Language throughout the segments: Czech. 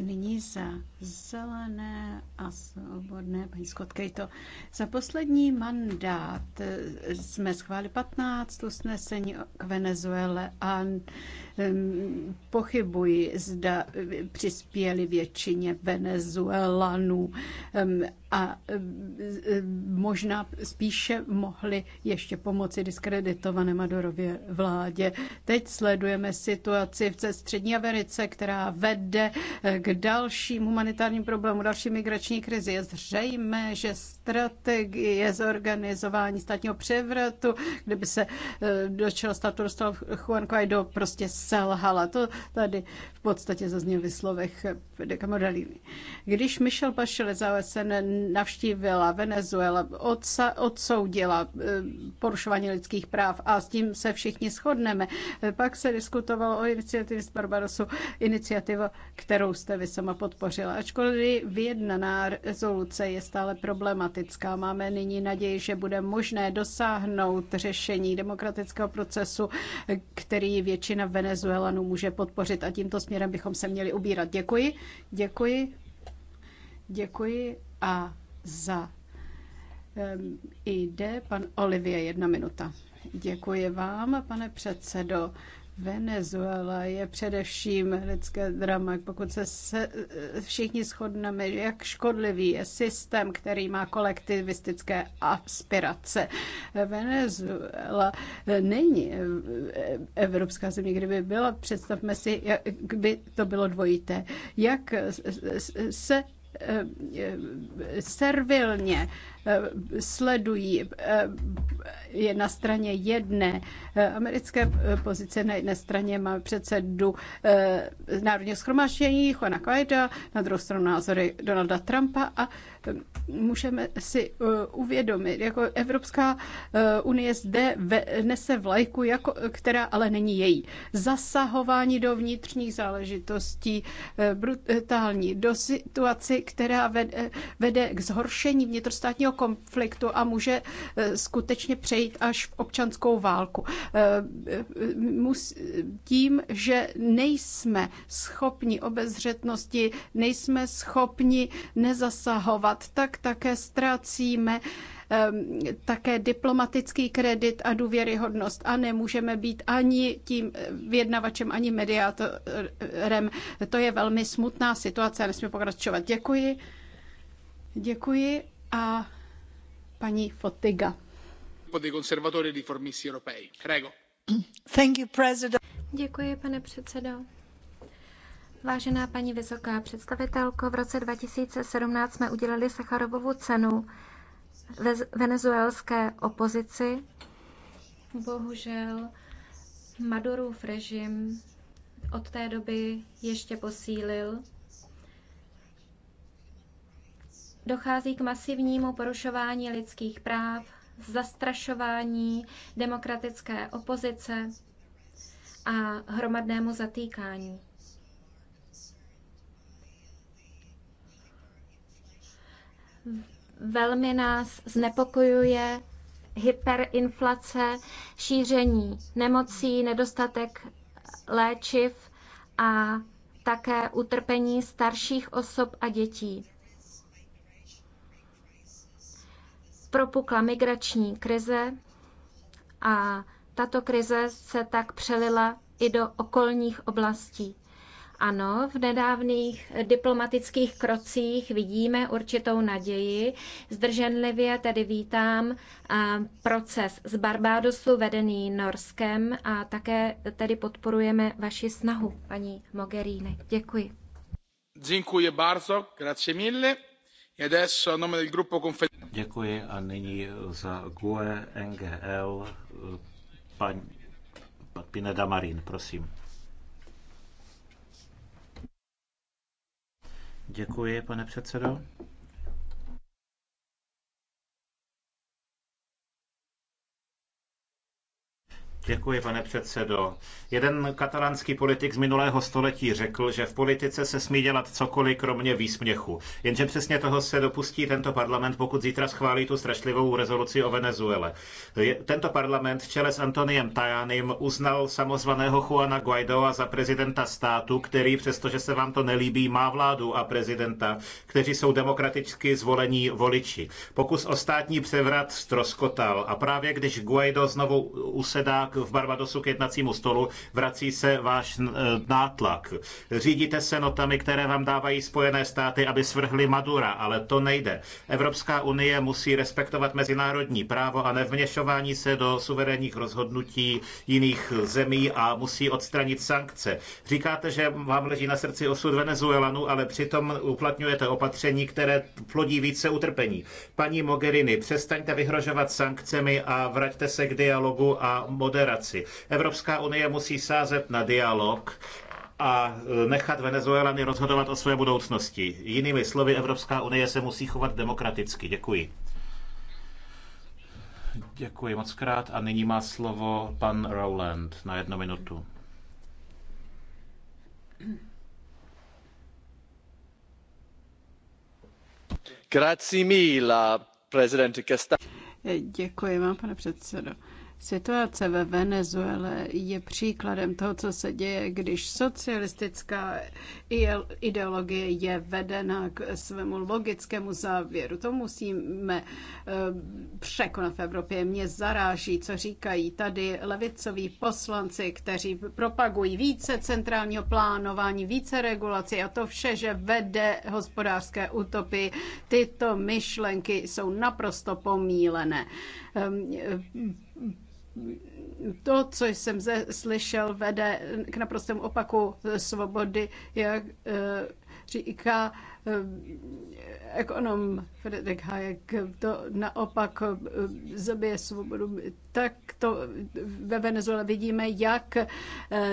Nyní za zelené a svobodné paní Skotkejto. Za poslední mandát jsme schválili 15 usnesení k Venezuele a pochybuji, zda přispěli většině Venezuelanů a možná spíše mohli ještě pomoci diskreditované Madorově vládě. Teď sledujeme situaci v střední Americe, která vede eh, k dal dalším humanitárním problému, další migrační krizi. Je zřejmé, že strategie zorganizování státního převratu, kdyby se eh, do čela státu dostal Juan Guaido, prostě selhala. To tady v podstatě zazněl v slovech Fedeka Moralini. Když Michel Bachelet za OSN navštívila Venezuela, odsoudila eh, porušování lidských práv a s tím se všichni shodneme, eh, pak se diskutovalo o iniciativě z Barbarosu, iniciativa, kterou jste vy sama podpořila. Ačkoliv vyjednaná rezoluce je stále problematická, máme nyní naději, že bude možné dosáhnout řešení demokratického procesu, který většina Venezuelanů může podpořit a tímto směrem bychom se měli ubírat. Děkuji, děkuji, děkuji a za um, ID pan Olivier, jedna minuta. Děkuji vám, pane předsedo. Venezuela je především lidské drama. Pokud se, se všichni shodneme, jak škodlivý je systém, který má kolektivistické aspirace. Venezuela není evropská země, kdyby byla, představme si, jak by to bylo dvojité. Jak se servilně eh, sledují eh, je na straně jedné eh, americké pozice, na jedné straně má předsedu Národního schromáždění Juana Kvajda, na druhou stranu názory Donalda Trumpa a Můžeme si eh, uvědomit, jako Evropská eh, unie zde nese vlajku, jako, která ale není její. Zasahování do vnitřních záležitostí, eh, brutální, do situaci, která vede k zhoršení vnitrostátního konfliktu a může skutečně přejít až v občanskou válku. Tím, že nejsme schopni obezřetnosti, nejsme schopni nezasahovat, stát, tak také ztrácíme ehm, také diplomatický kredit a důvěryhodnost a nemůžeme být ani tím vyjednavačem, ani mediátorem. To je velmi smutná situace nesmí pokračovat. Děkuji. Děkuji a paní Fotiga. E Děkuji, pane předsedo. Vážená paní vysoká představitelko, v roce 2017 jsme udělali Sacharovovu cenu venezuelské opozici. Bohužel Madurův režim od té doby ještě posílil. Dochází k masivnímu porušování lidských práv, zastrašování demokratické opozice a hromadnému zatýkání. Velmi nás znepokojuje hyperinflace, šíření nemocí, nedostatek léčiv a také utrpení starších osob a dětí. Propukla migrační krize a tato krize se tak přelila i do okolních oblastí. Ano, v nedávných diplomatických krocích vidíme určitou naději. Zdrženlivě tedy vítám proces z Barbádosu vedený Norskem a také tedy podporujeme vaši snahu, paní Mogherini. Děkuji. Děkuji bardzo, grazie mille. Děkuji a nyní za GUE NGL pan Pineda Marín, prosím. Děkuji, pane předsedo. Děkuji, pane předsedo. Jeden katalánský politik z minulého století řekl, že v politice se smí dělat cokoliv kromě výsměchu. Jenže přesně toho se dopustí tento parlament, pokud zítra schválí tu strašlivou rezoluci o Venezuele. Tento parlament v čele s Antoniem Tajanem uznal samozvaného Juana Guaidoa za prezidenta státu, který, přestože se vám to nelíbí, má vládu a prezidenta, kteří jsou demokraticky zvolení voliči. Pokus o státní převrat stroskotal a právě když Guaido znovu usedá v Barbadosu k jednacímu stolu, vrací se váš eh, nátlak. Řídíte se notami, které vám dávají Spojené státy, aby svrhli Madura, ale to nejde. Evropská unie musí respektovat mezinárodní právo a nevměšování se do suverénních rozhodnutí jiných zemí a musí odstranit sankce. Říkáte, že vám leží na srdci osud Venezuelanů, ale přitom uplatňujete opatření, které plodí více utrpení. Paní Mogherini, přestaňte vyhrožovat sankcemi a vraťte se k dialogu a modernizaci federaci. Evropská unie musí sázet na dialog a e, nechat Venezuelany rozhodovat o své budoucnosti. Jinými slovy, Evropská unie se musí chovat demokraticky. Děkuji. Děkuji moc krát a nyní má slovo pan Rowland na jednu minutu. Grazie mille, prezidente Děkuji vám, pane předsedo. Situace ve Venezuele je příkladem toho, co se děje, když socialistická ideologie je vedena k svému logickému závěru. To musíme eh, překonat v Evropě. Mě zaráží, co říkají tady levicoví poslanci, kteří propagují více centrálního plánování, více regulací a to vše, že vede hospodářské utopy. Tyto myšlenky jsou naprosto pomílené ehm, to, co jsem ze, slyšel, vede k naprostému opaku svobody, jak eh, říká eh, ekonom Fredek Hayek to naopak eh, zabije svobodu. Tak to ve Venezuele vidíme, jak eh,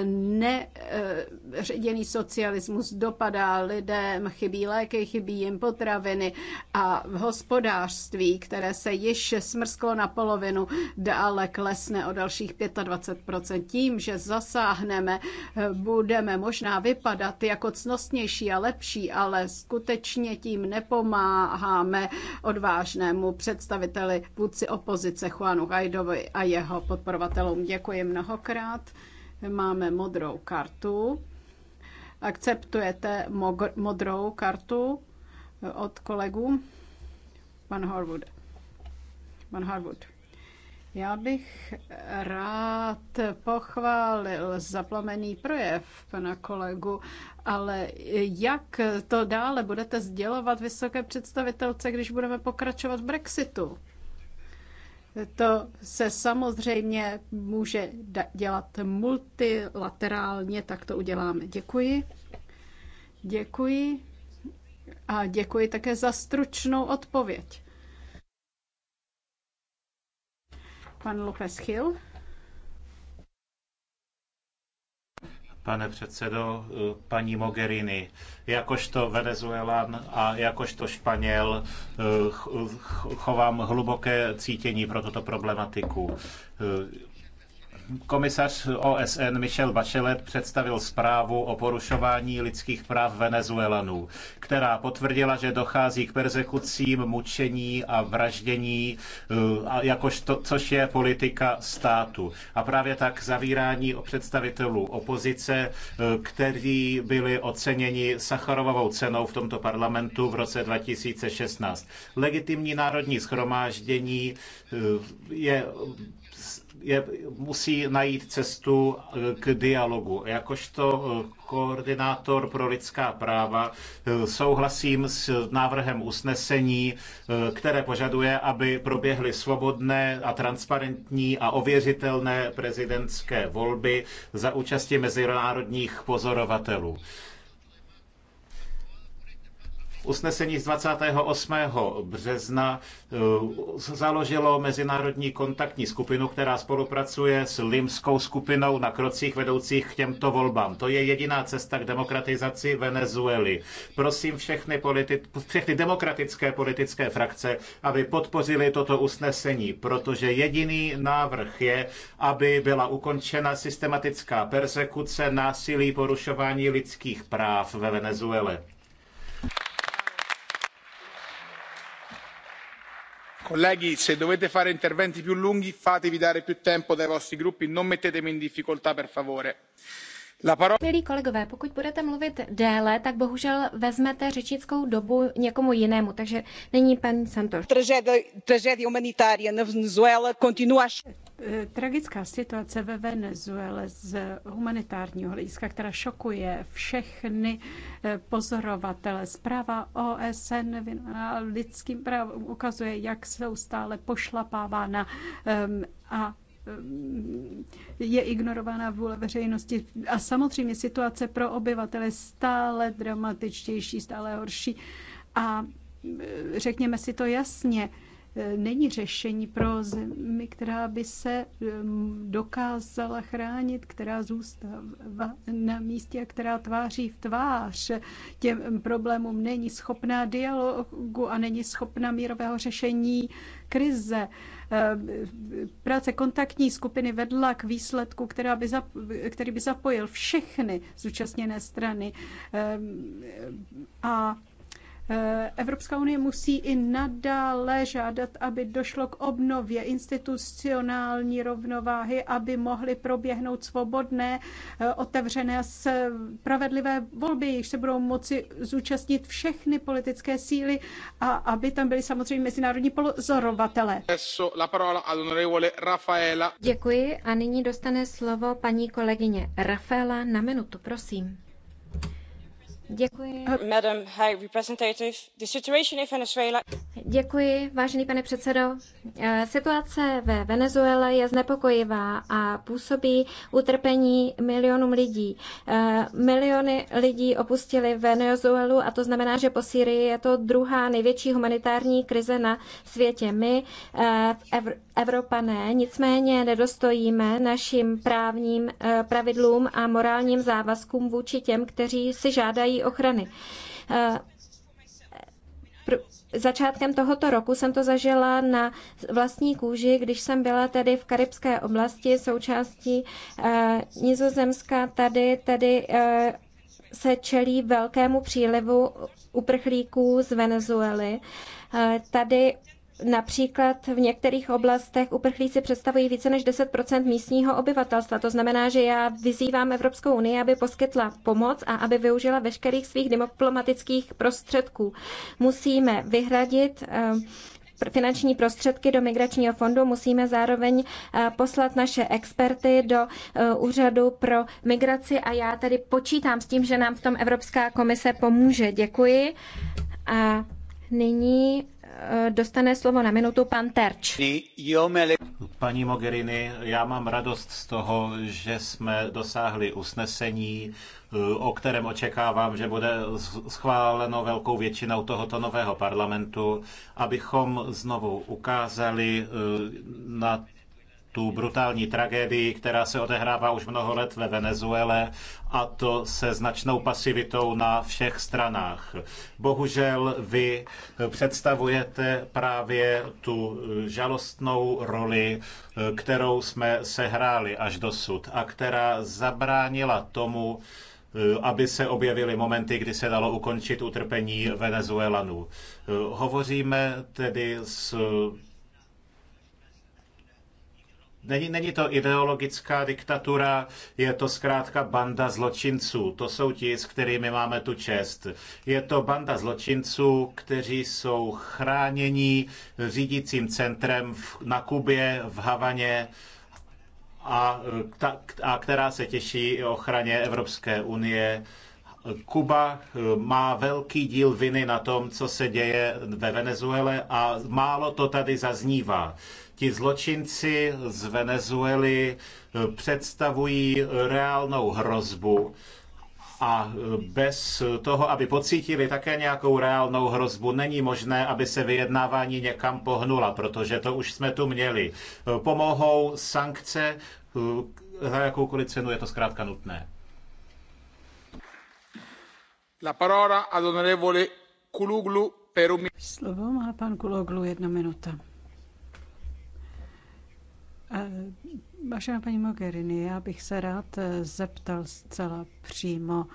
neředěný socialismus dopadá lidem. Chybí léky, chybí jim potraviny a v hospodářství, které se již smrsklo na polovinu, dále klesne o dalších 25%. Tím, že zasáhneme, eh, budeme možná vypadat jako cnostnější a lepší, ale skutečně tím nepomáháme odvážnému představiteli vůdci opozice Juanu Hajdovi a jeho podporovatelům. Děkuji mnohokrát. Máme modrou kartu. Akceptujete modrou kartu eh, od kolegů? Pan Harwood. Pan Harwood. Já bych rád pochválil zaplamený projev pana kolegu, ale jak to dále budete sdělovat vysoké představitelce, když budeme pokračovat v Brexitu? To se samozřejmě může dělat multilaterálně, tak to uděláme. Děkuji. Děkuji. A děkuji také za stručnou odpověď. Pan López Hill. pane předsedo, paní Mogherini. Jakožto Venezuelan a jakožto Španěl chovám hluboké cítění pro tuto problematiku. Komisař OSN Michel Bachelet představil zprávu o porušování lidských práv Venezuelanů, která potvrdila, že dochází k persekucím, mučení a vraždění, eh, jakožto, což je politika státu. A právě tak zavírání o představitelů opozice, eh, kteří byli oceněni Sacharovovou cenou v tomto parlamentu v roce 2016. Legitimní národní schromáždění eh, je je, musí najít cestu eh, k dialogu. Jakožto eh, koordinátor pro lidská práva eh, souhlasím s návrhem usnesení, které požaduje, aby proběhly svobodné a transparentní a ověřitelné prezidentské volby za účasti mezinárodních pozorovatelů. Usnesení z 28. března eh, založilo mezinárodní kontaktní skupinu, která spolupracuje s limskou skupinou na krocích vedoucích k těmto volbám. To je jediná cesta k demokratizaci Venezuely. Prosím všechny, politi- všechny demokratické politické frakce, aby podpořili toto usnesení, protože jediný návrh je, aby byla ukončena systematická persekuce, násilí, porušování lidských práv ve Venezuele. colleghi se dovete fare interventi più lunghi fatevi dare più tempo dai vostri gruppi non mettetemi in difficoltà per favore. Milí kolegové, pokud budete mluvit déle, tak bohužel vezmete řečnickou dobu někomu jinému, takže není pan Santos. Tragédie humanitária na Venezuela continua eh, Tragická situace ve Venezuele z humanitárního hlediska, která šokuje všechny eh, pozorovatele. Zpráva OSN lidským právům ukazuje, jak jsou stále pošlapávána ehm, a Eh, je ignorována vůle veřejnosti. A samozřejmě situace pro obyvatele stále dramatičtější, stále horší. A eh, řekněme si to jasně, není řešení pro zemi, která by se dokázala chránit, která zůstává na místě a která tváří v tvář těm problémům, není schopná dialogu a není schopná mírového řešení krize. Práce kontaktní skupiny vedla k výsledku, která by zap, který by zapojil všechny zúčastněné strany. A Eh, Evropská unie musí i nadále žádat, aby došlo k obnově institucionální rovnováhy, aby mohly proběhnout svobodné, eh, otevřené, spravedlivé volby, jež se budou moci zúčastnit všechny politické síly a aby tam byly samozřejmě mezinárodní pozorovatele. Děkuji a nyní dostane slovo paní kolegyně Rafaela na minutu, prosím. Děkuji. Madam High Representative, Venezuela... Děkuji, pane předsedo. Eh, situace ve Venezuele je znepokojivá a působí utrpení milionům lidí. Eh, miliony lidí opustili Venezuelu a to znamená, že po sýrii je to druhá největší humanitární krize na světě. My, eh, Evropané, nicméně nedostojíme našim právním pravidlům a morálním závazkům vůči těm, kteří si žádají její ochrany. Eh, Pr- začátkem tohoto roku jsem to zažila na vlastní kůži, když jsem byla tady v karibské oblasti součástí eh, Nizozemska. Tady, tady eh, se čelí velkému přílivu uprchlíků z Venezuely. Eh, tady Například v některých oblastech uprchlíci představují více než 10 místního obyvatelstva. To znamená, že já vyzývám Evropskou unii, aby poskytla pomoc a aby využila veškerých svých diplomatických prostředků. Musíme vyhradit eh, finanční prostředky do migračního fondu, musíme zároveň eh, poslat naše experty do eh, úřadu pro migraci a já tady počítám s tím, že nám v tom Evropská komise pomůže. Děkuji. A nyní Eh, dostane slovo na minutu pan Terč. Paní Mogherini, já mám radost z toho, že jsme dosáhli usnesení, eh, o kterém očekávám, že bude schváleno velkou většinou tohoto nového parlamentu, abychom znovu ukázali eh, na tu brutální tragédii, která se odehrává už mnoho let ve Venezuele a to se značnou pasivitou na všech stranách. Bohužel vy představujete právě tu žalostnou roli, kterou jsme sehráli až dosud a která zabránila tomu, aby se objevily momenty, kdy se dalo ukončit utrpení Venezuelanů. Hovoříme tedy s Není, není to ideologická diktatura, je to zkrátka banda zločinců. To jsou ti, s kterými máme tu čest. Je to banda zločinců, kteří jsou chráněni řídícím centrem v, na Kubě, v Havaně a, ta, a která se těší ochraně Evropské unie Kuba eh, má velký díl viny na tom, co se děje ve Venezuele a málo to tady zaznívá. Ti zločinci z Venezuely eh, představují reálnou hrozbu a eh, bez toho, aby pocítili také nějakou reálnou hrozbu, není možné, aby se vyjednávání někam pohnula, protože to už jsme tu měli. Pomohou sankce, za jakoukoliv cenu je to zkrátka nutné. La parola Kuluglu Slovo má pan jedna minuta. Vážená paní mogheriniová já bych se rád eh, zeptal zcela přímo,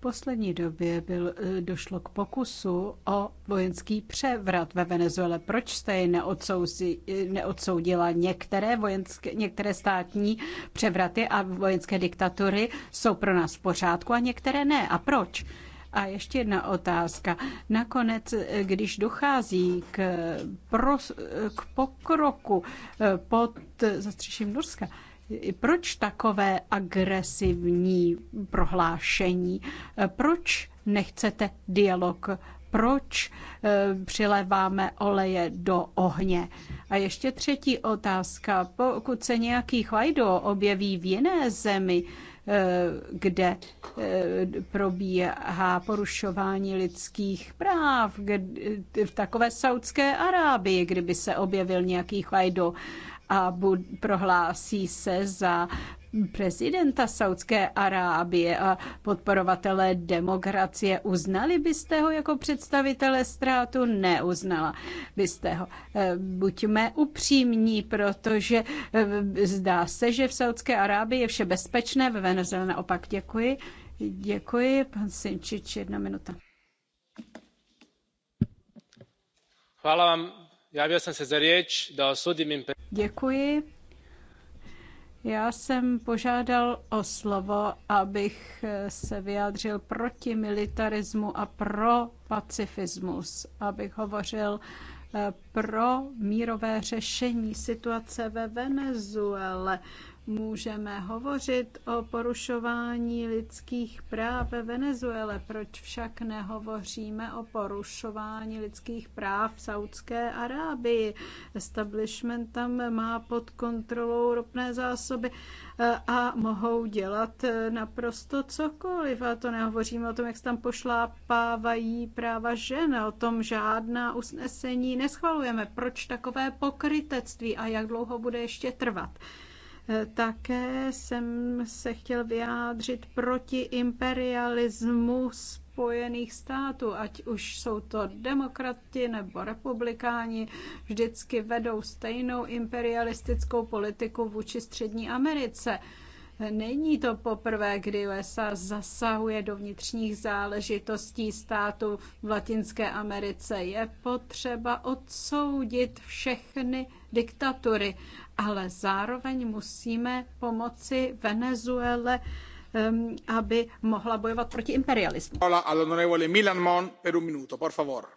poslední době byl, e, došlo k pokusu o vojenský převrat ve Venezuele. Proč jste ji e, neodsoudila? Některé, vojenské, některé státní převraty a vojenské diktatury jsou pro nás v pořádku a některé ne. A proč? A ještě jedna otázka. Nakonec, e, když dochází k, pros, k pokroku pod zastřeším Norska, proč takové agresivní prohlášení? Proč nechcete dialog? Proč eh, přiléváme oleje do ohně? A ještě třetí otázka. Pokud se nějaký chvajdo objeví v jiné zemi, eh, kde eh, probíhá porušování lidských práv. V takové Saudské Arábii, kdyby se objevil nějaký chajdo, a bud prohlásí se za prezidenta Saudské Arábie a podporovatelé demokracie. Uznali byste ho jako představitele ztrátu? Neuznala byste ho. E, buďme upřímní, protože e, zdá se, že v Saudské Arábii je vše bezpečné, ve Venezuele naopak. Děkuji. Děkuji. Pan Sinčič, jedna minuta. Hvala vám Děkuji. Já jsem požádal o slovo, abych se vyjádřil proti militarismu a pro pacifismus, abych hovořil eh, pro mírové řešení situace ve Venezuele. Můžeme hovořit o porušování lidských práv ve Venezuele, proč však nehovoříme o porušování lidských práv v Saudské Arábii? Establishment tam má pod kontrolou ropné zásoby eh, a mohou dělat eh, naprosto cokoliv. A to nehovoříme o tom, jak se tam pošlápávají práva žen, o tom žádná usnesení neschvalujeme. Proč takové pokrytectví a jak dlouho bude ještě trvat? Eh, také jsem se chtěl vyjádřit proti imperialismu Spojených států, ať už jsou to demokrati nebo republikáni, vždycky vedou stejnou imperialistickou politiku vůči Střední Americe. Není to poprvé, kdy USA zasahuje do vnitřních záležitostí státu v Latinské Americe. Je potřeba odsoudit všechny diktatury, ale zároveň musíme pomoci Venezuele, aby mohla bojovat proti imperialismu. Hola, Milan Mon per un minuto, por favor.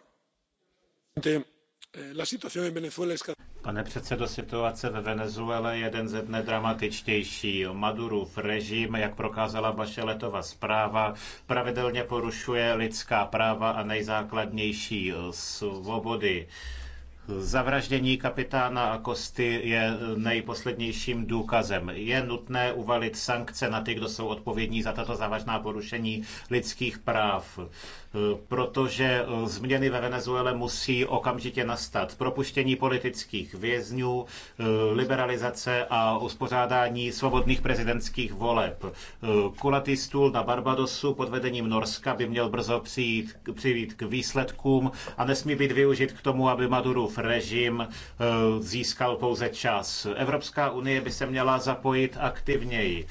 Eh, Pane předsedo, situace ve Venezuele je jeden ze dne dramatičtější. Madurův režim, jak prokázala vaše letová zpráva, pravidelně porušuje lidská práva a nejzákladnější eh, svobody. Zavraždění kapitána a Kosty je eh, nejposlednějším důkazem. Je nutné uvalit sankce na ty, kdo jsou odpovědní za tato závažná porušení lidských práv protože eh, změny ve Venezuele musí okamžitě nastat. Propuštění politických vězňů, eh, liberalizace a uspořádání svobodných prezidentských voleb. Eh, kulatý stůl na Barbadosu pod vedením Norska by měl brzo přijít, přijít k výsledkům a nesmí být využit k tomu, aby Madurův režim získal pouze čas. Evropská unie by se měla zapojit aktivněji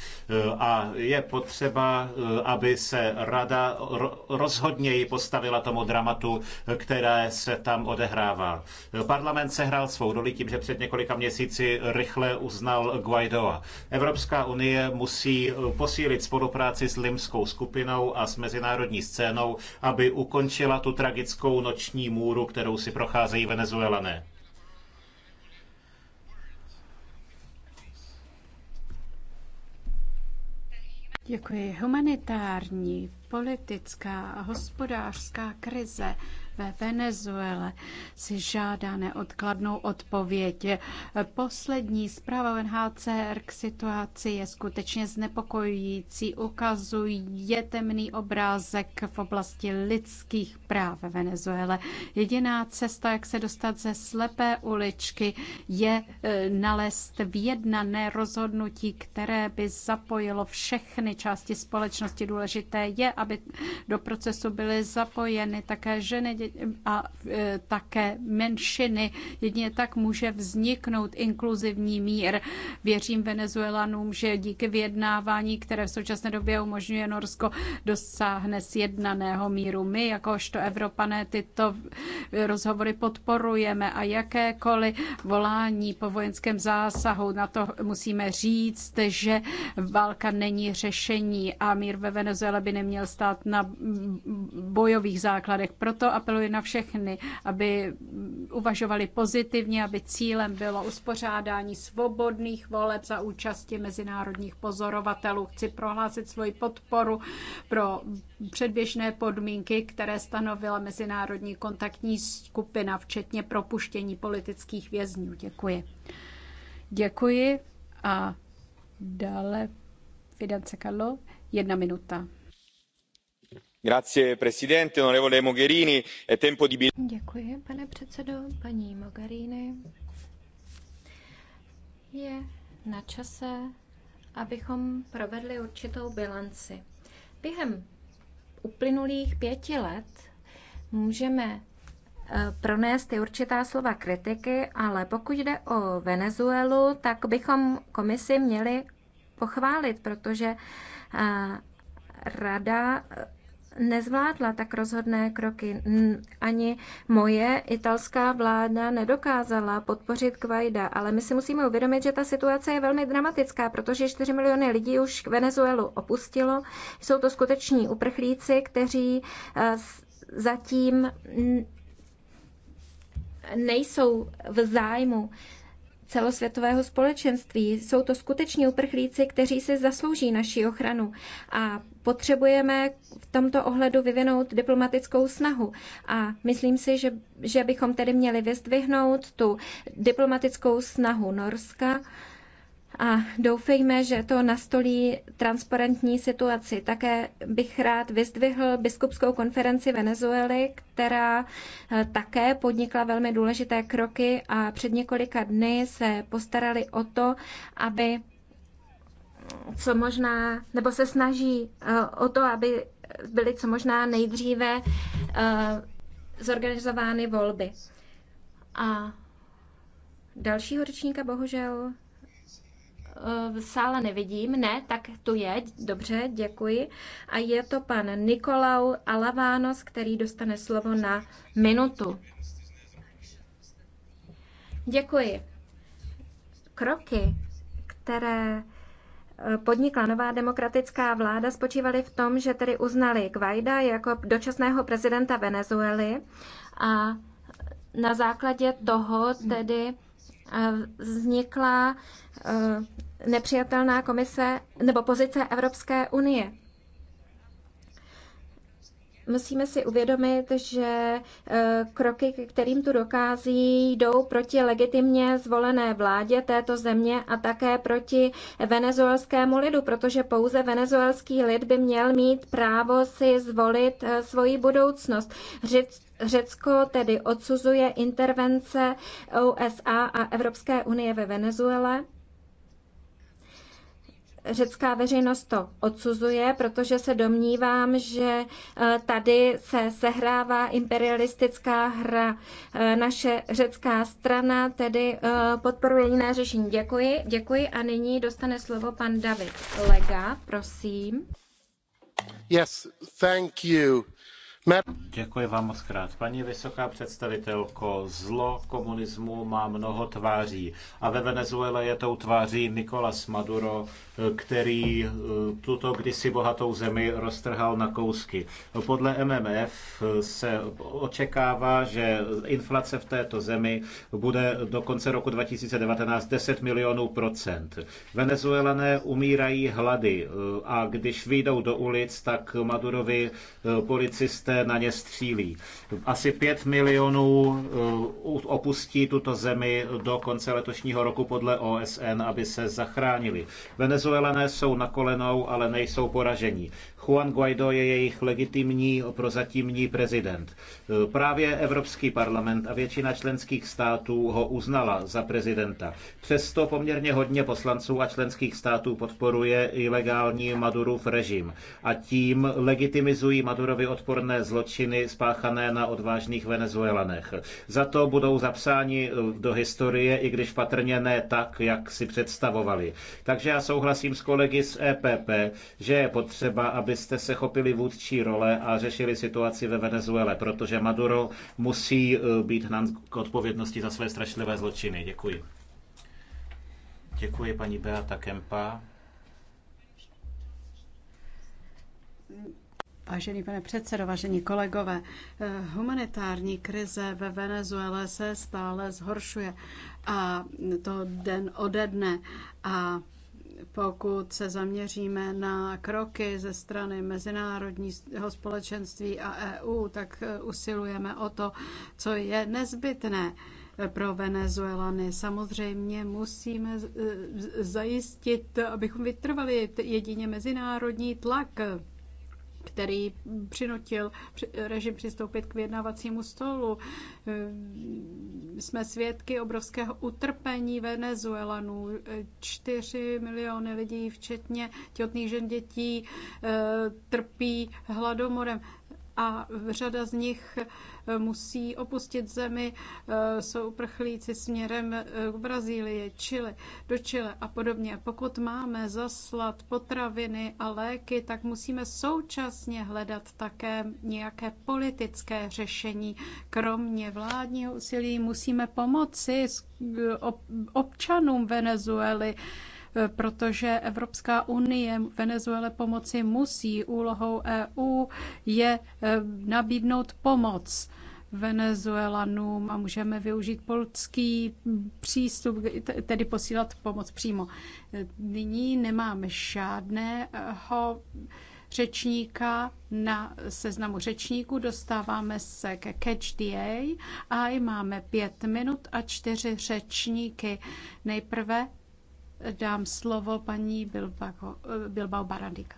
a je potřeba, aby se rada rozhodně kritičtěji postavila tomu dramatu, které se tam odehrává. Parlament sehrál svou roli tím, že před několika měsíci rychle uznal Guaidoa. Evropská unie musí posílit spolupráci s limskou skupinou a s mezinárodní scénou, aby ukončila tu tragickou noční můru, kterou si procházejí Venezuelané. Děkuji. Humanitární politická a hospodářská krize ve Venezuele si žádá neodkladnou odpověď. Poslední zpráva NHCR k situaci je skutečně znepokojující, ukazuje temný obrázek v oblasti lidských práv ve Venezuele. Jediná cesta, jak se dostat ze slepé uličky, je e, nalézt vyjednané rozhodnutí, které by zapojilo všechny části společnosti. Důležité je, aby do procesu byly zapojeny také ženy, a e, také menšiny. Jedině tak může vzniknout inkluzivní mír. Věřím Venezuelanům, že díky vyjednávání, které v současné době umožňuje Norsko, dosáhne sjednaného míru. My, jakožto Evropané, tyto rozhovory podporujeme a jakékoliv volání po vojenském zásahu, na to musíme říct, že válka není řešení a mír ve Venezuele by neměl stát na bojových základech. Proto apel apeluji na všechny, aby uvažovali pozitivně, aby cílem bylo uspořádání svobodných voleb za účasti mezinárodních pozorovatelů. Chci prohlásit svoji podporu pro předběžné podmínky, které stanovila mezinárodní kontaktní skupina, včetně propuštění politických vězňů. Děkuji. Děkuji a dále Fidance Carlo, jedna minuta. Děkuji, pane předsedo, paní Mogherini. Je na čase, abychom provedli určitou bilanci. Během uplynulých pěti let můžeme eh, pronést i určitá slova kritiky, ale pokud jde o Venezuelu, tak bychom komisi měli pochválit, protože eh, rada nezvládla tak rozhodné kroky. Ani moje italská vláda nedokázala podpořit Kvajda, ale my si musíme uvědomit, že ta situace je velmi dramatická, protože 4 miliony lidí už Venezuelu opustilo. Jsou to skuteční uprchlíci, kteří eh, zatím nejsou v zájmu celosvětového společenství. Jsou to skuteční uprchlíci, kteří si zaslouží naši ochranu a potřebujeme v tomto ohledu vyvinout diplomatickou snahu. A myslím si, že, že bychom tedy měli vyzdvihnout tu diplomatickou snahu Norska, a doufejme, že to nastolí transparentní situaci. Také bych rád vyzdvihl biskupskou konferenci Venezuely, která eh, také podnikla velmi důležité kroky a před několika dny se postarali o to, aby co možná, nebo se snaží eh, o to, aby byly co možná nejdříve eh, zorganizovány volby. A dalšího ročníka bohužel v sále nevidím. Ne, tak tu je. Dobře, děkuji. A je to pan Nikolau Alavános, který dostane slovo na minutu. Děkuji. Kroky, které eh, podnikla nová demokratická vláda, spočívaly v tom, že tedy uznali Guaida jako dočasného prezidenta Venezuely a na základě toho tedy vznikla eh, nepřijatelná komise nebo pozice Evropské unie. Musíme si uvědomit, že eh, kroky, kterým tu dokází, jdou proti legitimně zvolené vládě této země a také proti venezuelskému lidu, protože pouze venezuelský lid by měl mít právo si zvolit eh, svoji budoucnost. Řecko tedy odsuzuje intervence USA a Evropské unie ve Venezuele. Řecká veřejnost to odsuzuje, protože se domnívám, že e, tady se sehrává imperialistická hra. E, naše řecká strana tedy e, podporuje jiné řešení. Děkuji, děkuji a nyní dostane slovo pan David Lega, prosím. Yes, thank you. Děkuji vám moc krát. Paní vysoká představitelko, zlo komunismu má mnoho tváří a ve Venezuele je tou tváří Nicolas Maduro, který eh, tuto kdysi bohatou zemi roztrhal na kousky. Podle MMF se očekává, že inflace v této zemi bude do konce roku 2019 10 milionů procent. Venezuelané umírají hlady eh, a když vyjdou do ulic, tak Madurovi eh, policisté se na ně střílí. Asi 5 milionů eh, opustí tuto zemi do konce letošního roku podle OSN, aby se zachránili. Venezuelané jsou na kolenou, ale nejsou poražení. Juan Guaido je jejich legitimní prozatímní prezident. Eh, právě Evropský parlament a většina členských států ho uznala za prezidenta. Přesto poměrně hodně poslanců a členských států podporuje ilegální Madurův režim a tím legitimizují Madurovi odporné zločiny spáchané na odvážných Venezuelanech. Za to budou zapsáni eh, do historie, i když patrně ne tak, jak si představovali. Takže já souhlasím s kolegy z EPP, že je potřeba, abyste se chopili vůdčí role a řešili situaci ve Venezuele, protože Maduro musí eh, být hnán k odpovědnosti za své strašlivé zločiny. Děkuji. Děkuji paní Beata Kempa. Vážený pane předsedo, vážení kolegové, eh, humanitární krize ve Venezuele se stále zhoršuje a to den ode dne. A pokud se zaměříme na kroky ze strany mezinárodního společenství a EU, tak eh, usilujeme o to, co je nezbytné pro Venezuelany. Samozřejmě musíme eh, zajistit, abychom vytrvali jedině mezinárodní tlak který přinutil režim přistoupit k vyjednávacímu stolu. Jsme svědky obrovského utrpení Venezuelanů. 4 miliony lidí, včetně těhotných žen dětí, eh, trpí hladomorem a řada z nich eh, musí opustit zemi, eh, jsou uprchlíci směrem eh, k Brazílii, Chile, do Chile a podobně. Pokud máme zaslat potraviny a léky, tak musíme současně hledat také nějaké politické řešení. Kromě vládního úsilí musíme pomoci občanům Venezuely, protože Evropská unie Venezuele pomoci musí. Úlohou EU je eh, nabídnout pomoc. Venezuelanům a můžeme využít polský přístup, tedy posílat pomoc přímo. Nyní nemáme žádného řečníka na seznamu řečníků. Dostáváme se ke Catch DA a máme pět minut a čtyři řečníky. Nejprve dám slovo paní Bilbao, Bilbao Barandika.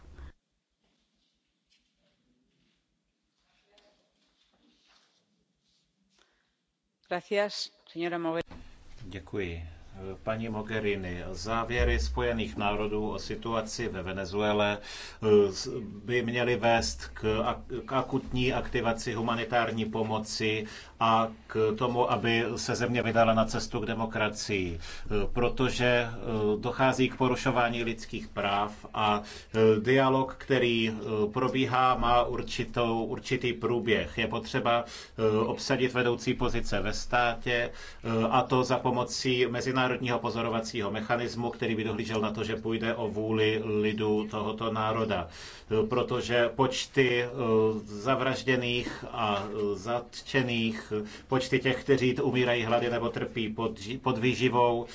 Děkuji. Paní Mogherini, závěry Spojených národů o situaci ve Venezuele eh, by měly vést k akutní aktivaci humanitární pomoci a k tomu, aby se země vydala na cestu k demokracii, protože eh, dochází k porušování lidských práv a eh, dialog, který eh, probíhá, má určitou, určitý průběh. Je potřeba obsadit vedoucí pozice ve státě a to za pomocí mezinárodního pozorovacího mechanismu, který by dohlížel na to, že půjde o vůli lidu tohoto národa. Protože počty zavražděných a zatčených těch, počty těch, kteří umírají hlady nebo trpí pod, pod výživou.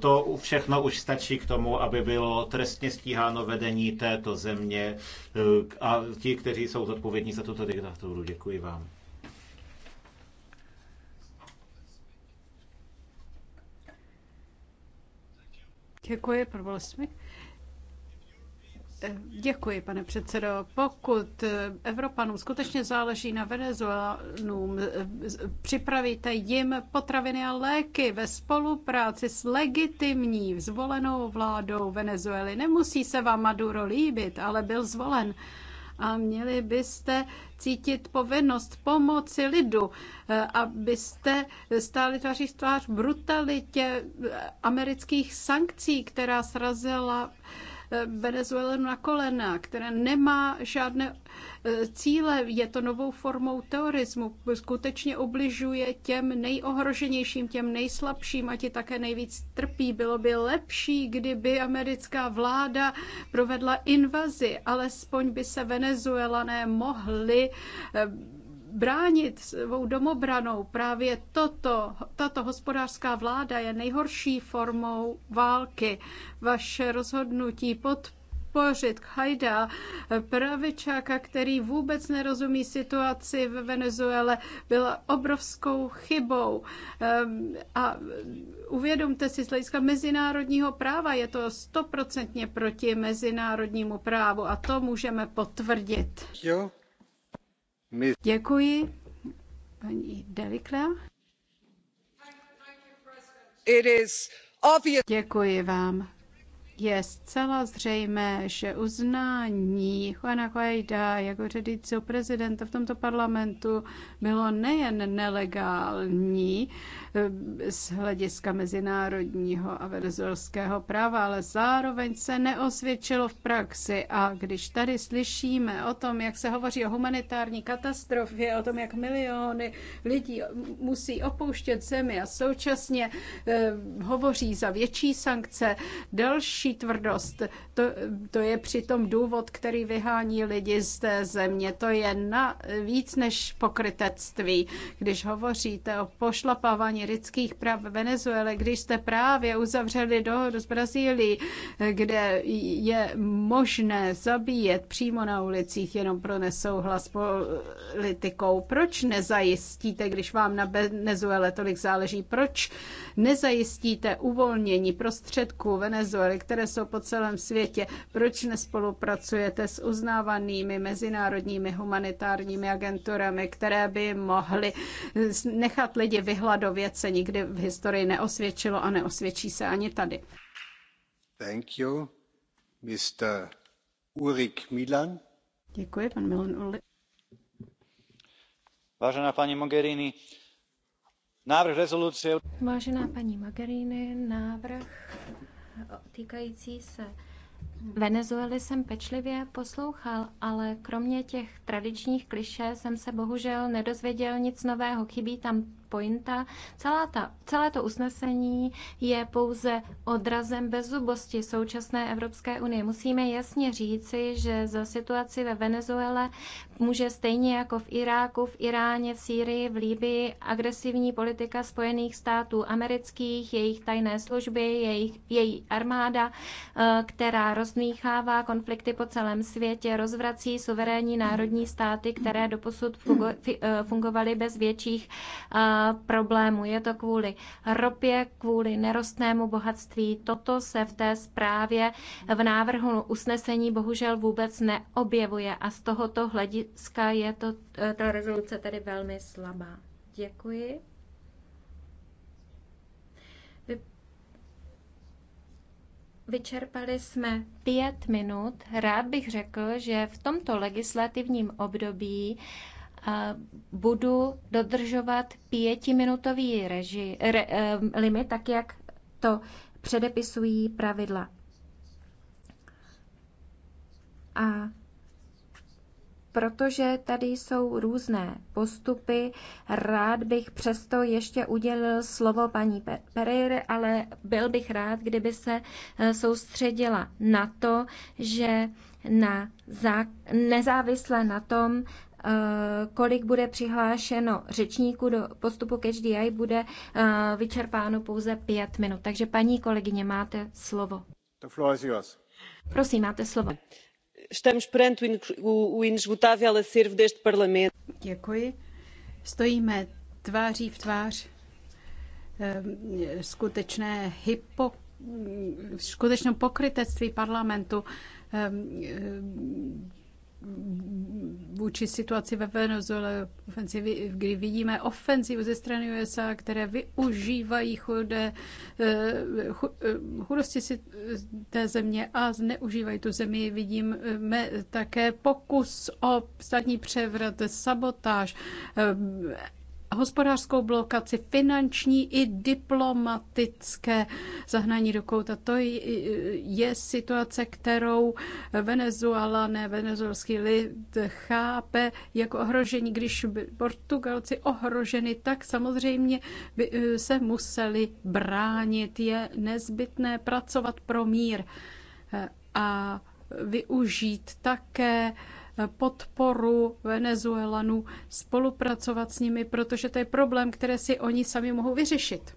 To všechno už stačí k tomu, aby bylo trestně stíháno vedení této země eh, a ti, kteří jsou zodpovědní za tuto diktaturu. Děkuji vám. Děkuji, pan Volesmik. Děkuji, pane předsedo. Pokud Evropanům skutečně záleží na Venezuelanům, připravíte jim potraviny a léky ve spolupráci s legitimní zvolenou vládou Venezuely. Nemusí se vám Maduro líbit, ale byl zvolen a měli byste cítit povinnost pomoci lidu, eh, abyste stáli tváří tvář brutalitě eh, amerických sankcí, která srazila Venezuelu na kolena, které nemá žádné eh, cíle, je to novou formou terorismu, skutečně obližuje těm nejohroženějším, těm nejslabším a ti také nejvíc trpí. Bylo by lepší, kdyby americká vláda provedla invazi, alespoň by se Venezuelané mohli eh, bránit svou domobranou. Právě toto, tato hospodářská vláda je nejhorší formou války. Vaše rozhodnutí pod pořit Khajda, pravičáka, který vůbec nerozumí situaci ve Venezuele, byla obrovskou chybou. Ehm, a uvědomte si, z hlediska mezinárodního práva je to stoprocentně proti mezinárodnímu právu a to můžeme potvrdit. Jo. Děkuji, paní Delikla. Is... Děkuji vám. Je zcela zřejmé, že uznání Juana Guaida jako řadícího prezidenta v tomto parlamentu bylo nejen nelegální, Eh, z hlediska mezinárodního a venezuelského práva, ale zároveň se neosvědčilo v praxi. A když tady slyšíme o tom, jak se hovoří o humanitární katastrofě, o tom, jak miliony lidí musí opouštět zemi a současně eh, hovoří za větší sankce, další tvrdost, to, to je přitom důvod, který vyhání lidi z té země. To je na, víc než pokrytectví. Když hovoříte o pošlapávání lidských práv v Venezuele, když jste právě uzavřeli dohodu s Brazílií, kde je možné zabíjet přímo na ulicích jenom pro nesouhlas politikou. Proč nezajistíte, když vám na Venezuele tolik záleží, proč nezajistíte uvolnění prostředků Venezuely, které jsou po celém světě? Proč nespolupracujete s uznávanými mezinárodními humanitárními agenturami, které by mohly nechat lidi vyhladovět opět se nikdy v historii neosvědčilo a neosvědčí se ani tady. Thank you. Mr. Ulrich Milan. Děkuji, pan Milan Ulrik. Vážená paní Mogherini, návrh rezoluce... Vážená paní Mogherini, návrh týkající se Venezuely jsem pečlivě poslouchal, ale kromě těch tradičních kliše jsem se bohužel nedozvěděl nic nového. Chybí tam pointa. Celá ta, celé to usnesení je pouze odrazem bezubosti současné Evropské unie. Musíme jasně říci, že za situaci ve Venezuele může stejně jako v Iráku, v Iráně, v Sýrii, v Líbii agresivní politika Spojených států amerických, jejich tajné služby, jejich, její armáda, eh, která roz rozdmýchává konflikty po celém světě, rozvrací suverénní národní státy, které doposud eh, fungovaly bez větších eh, problémů. Je to kvůli ropě, kvůli nerostnému bohatství. Toto se v té zprávě v návrhu usnesení bohužel vůbec neobjevuje a z tohoto hlediska je to, eh, ta rezoluce tedy velmi slabá. Děkuji. Vyčerpali jsme pět minut. Rád bych řekl, že v tomto legislativním období eh, budu dodržovat pětiminutový reži, re, eh, limit, tak jak to předepisují pravidla. A protože tady jsou různé postupy. Rád bych přesto ještě udělil slovo paní Pereire, ale byl bych rád, kdyby se e, soustředila na to, že na zá, nezávisle na tom, e, kolik bude přihlášeno řečníků do postupu k HDI, bude e, vyčerpáno pouze pět minut. Takže paní kolegyně, máte slovo. Prosím, máte slovo stojíme perante o inesgotável acervo deste parlamento. Děkuji. Stojíme tváří v ehm, skutečné hypo, skutečnou pokrytectví parlamentu ehm, ehm, vůči situaci ve Venezuele, kdy vidíme ofenzivu ze strany USA, které využívají chudé, eh, eh, chudosti si té země a zneužívají tu zemi. Vidíme také pokus o státní převrat, sabotáž, eh, hospodářskou blokaci, finanční i diplomatické zahnání do kouta. To je situace, kterou Venezuela, ne venezuelský lid, chápe jako ohrožení. Když by Portugalci ohroženi, tak samozřejmě by eh, se museli bránit. Je nezbytné pracovat pro mír eh, a využít také podporu Venezuelanů, spolupracovat s nimi, protože to je problém, které si oni sami mohou vyřešit.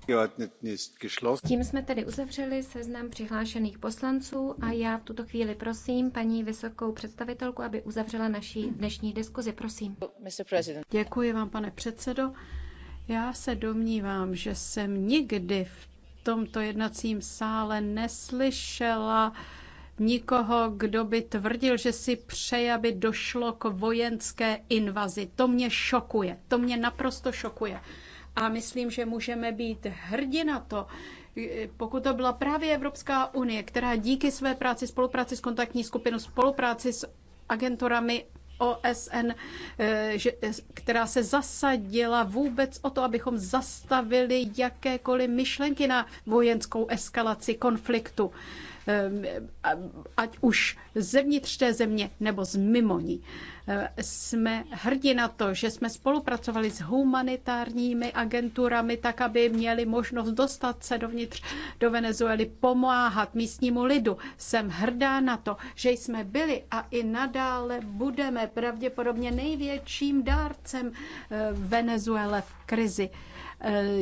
Tím jsme tedy uzavřeli seznam přihlášených poslanců a já v tuto chvíli prosím paní vysokou představitelku, aby uzavřela naší dnešní diskuzi. Prosím. Děkuji vám, pane předsedo. Já se domnívám, že jsem nikdy v tomto jednacím sále neslyšela nikoho, kdo by tvrdil, že si přeje, aby došlo k vojenské invazi. To mě šokuje, to mě naprosto šokuje. A myslím, že můžeme být hrdi na to, pokud to byla právě Evropská unie, která díky své práci, spolupráci s kontaktní skupinou, spolupráci s agenturami OSN, eh, že, eh, která se zasadila vůbec o to, abychom zastavili jakékoliv myšlenky na vojenskou eskalaci konfliktu. Ehm, ať už zevnitř té země nebo z mimo ní. Ehm, jsme hrdi na to, že jsme spolupracovali s humanitárními agenturami tak, aby měli možnost dostat se dovnitř do Venezuely, pomáhat místnímu lidu. Jsem hrdá na to, že jsme byli a i nadále budeme pravděpodobně největším dárcem ehm, Venezuele v krizi.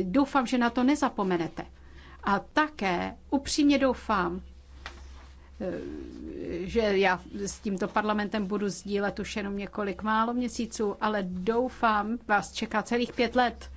Doufám, že na to nezapomenete. A také upřímně doufám, Eh, že já s tímto parlamentem budu sdílet už jenom několik málo měsíců, ale doufám, vás čeká celých pět let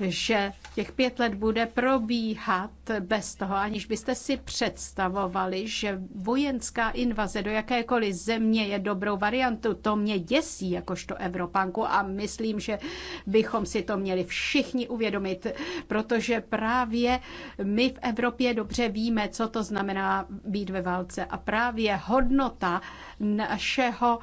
že těch pět let bude probíhat bez toho, aniž byste si představovali, že vojenská invaze do jakékoliv země je dobrou variantu. To mě děsí jakožto Evropanku a myslím, že bychom si to měli všichni uvědomit, protože právě my v Evropě dobře víme, co to znamená být ve válce a právě hodnota našeho